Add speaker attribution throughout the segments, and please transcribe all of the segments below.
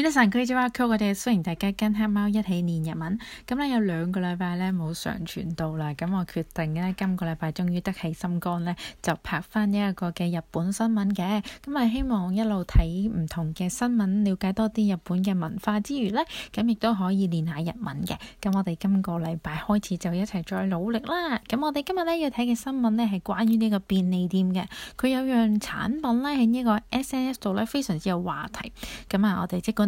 Speaker 1: 皆さんこんにちは。今日我哋歡迎大家跟黑貓一起練日文，咁、嗯、呢有兩個禮拜呢冇上傳到啦，咁、嗯、我決定呢今個禮拜終於得起心肝呢，就拍翻一個嘅日本新聞嘅，咁啊希望一路睇唔同嘅新聞，了解多啲日本嘅文化之餘呢，咁亦都可以練下日文嘅，咁、嗯、我哋今個禮拜開始就一齊再努力啦。咁、嗯、我哋今日呢要睇嘅新聞呢，係關於呢個便利店嘅，佢有樣產品呢，喺呢個 SNS 度呢非常之有話題。咁、嗯、啊我哋即管。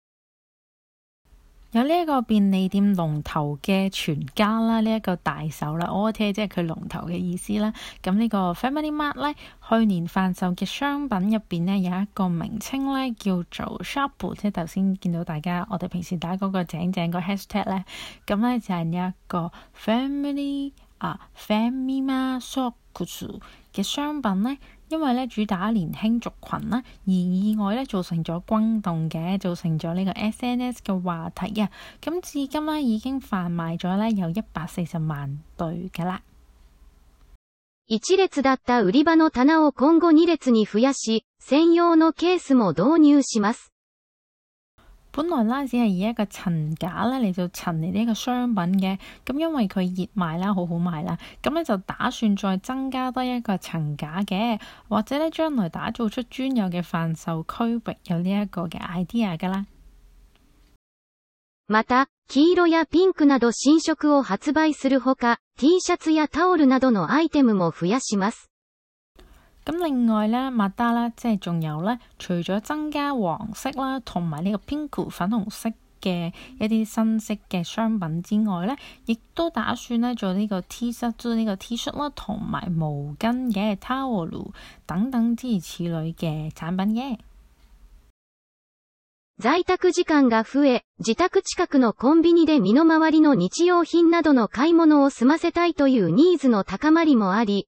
Speaker 2: 有呢一個便利店龍頭嘅全家啦，呢、這、一個大
Speaker 1: 手啦 a l 即係佢龍頭嘅意思啦。咁呢個 Family Mart 咧，去年販售嘅商品入邊咧有一個名稱咧叫做 Shop，即係頭先見到大家我哋平時打嗰個井井個 hashtag 咧。咁咧就係、是、呢一個 Family 啊 Family Mart Shop 嘅商品咧。因為咧主打年輕族群啦，而意外咧造成咗轟動嘅，造成咗呢個 SNS 嘅話題啊。咁至今咧已經販賣咗咧
Speaker 2: 有一百四十萬對㗎啦。本來、呢，
Speaker 1: 只係以一個層架、嚟做陳列呢個商品嘅。咁因為佢熱賣啦，好好賣啦。咁呢就打算再增加多一個層架嘅。或者呢將來打造出專有嘅販售區域有呢一個嘅 idea 㗎啦。
Speaker 2: また、黃色やピンクなど新色を発売するほか、T シャツやタオルなどのアイテムも増やします。咁另外
Speaker 1: また啦，即係仲有呢，除咗增加黃色啦，同埋呢個 pink 粉紅色嘅，一啲新色嘅商品之外呢，亦都打算咧做呢個 T シャツ，做呢個 T シャツ啦，同埋毛巾嘅タオル，等等
Speaker 2: 之類嘅產品嘅。在宅時間が増え、自宅近くのコンビニで身の回りの日用品などの買い物を済ませたいというニーズの高まりもあり、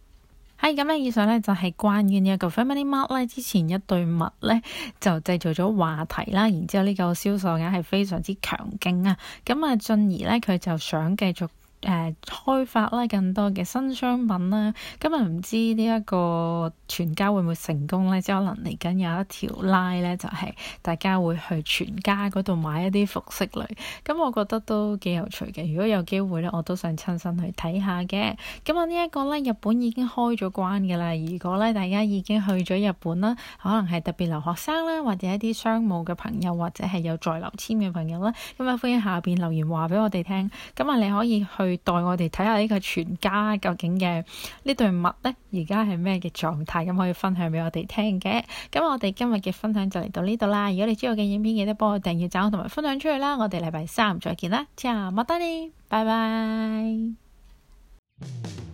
Speaker 1: 係咁咧，以上咧，就係關於呢一個 Family Mart 咧，之前一對襪咧就製造咗話題啦。然之後呢個銷售額係非常之強勁啊。咁啊，進而咧佢就想繼續。誒、呃、開發啦，更多嘅新商品啦。今日唔知呢一個全家會唔會成功咧？即可能嚟緊有一條 line 咧，就係大家會去全家嗰度買一啲服飾類。咁我覺得都幾有趣嘅。如果有機會咧，我都想親身去睇下嘅。咁啊，呢一個咧，日本已經開咗關㗎啦。如果咧大家已經去咗日本啦，可能係特別留學生啦，或者一啲商務嘅朋友，或者係有在留簽嘅朋友啦，咁啊歡迎下邊留言話俾我哋聽。咁啊，你可以去。會代我哋睇下呢個全家究竟嘅呢對襪呢，而家係咩嘅狀態，咁可以分享俾我哋聽嘅。咁我哋今日嘅分享就嚟到呢度啦。如果你知道嘅影片，記得幫我訂閱、讚好同埋分享出去啦。我哋禮拜三再見啦 c h e e 拜拜。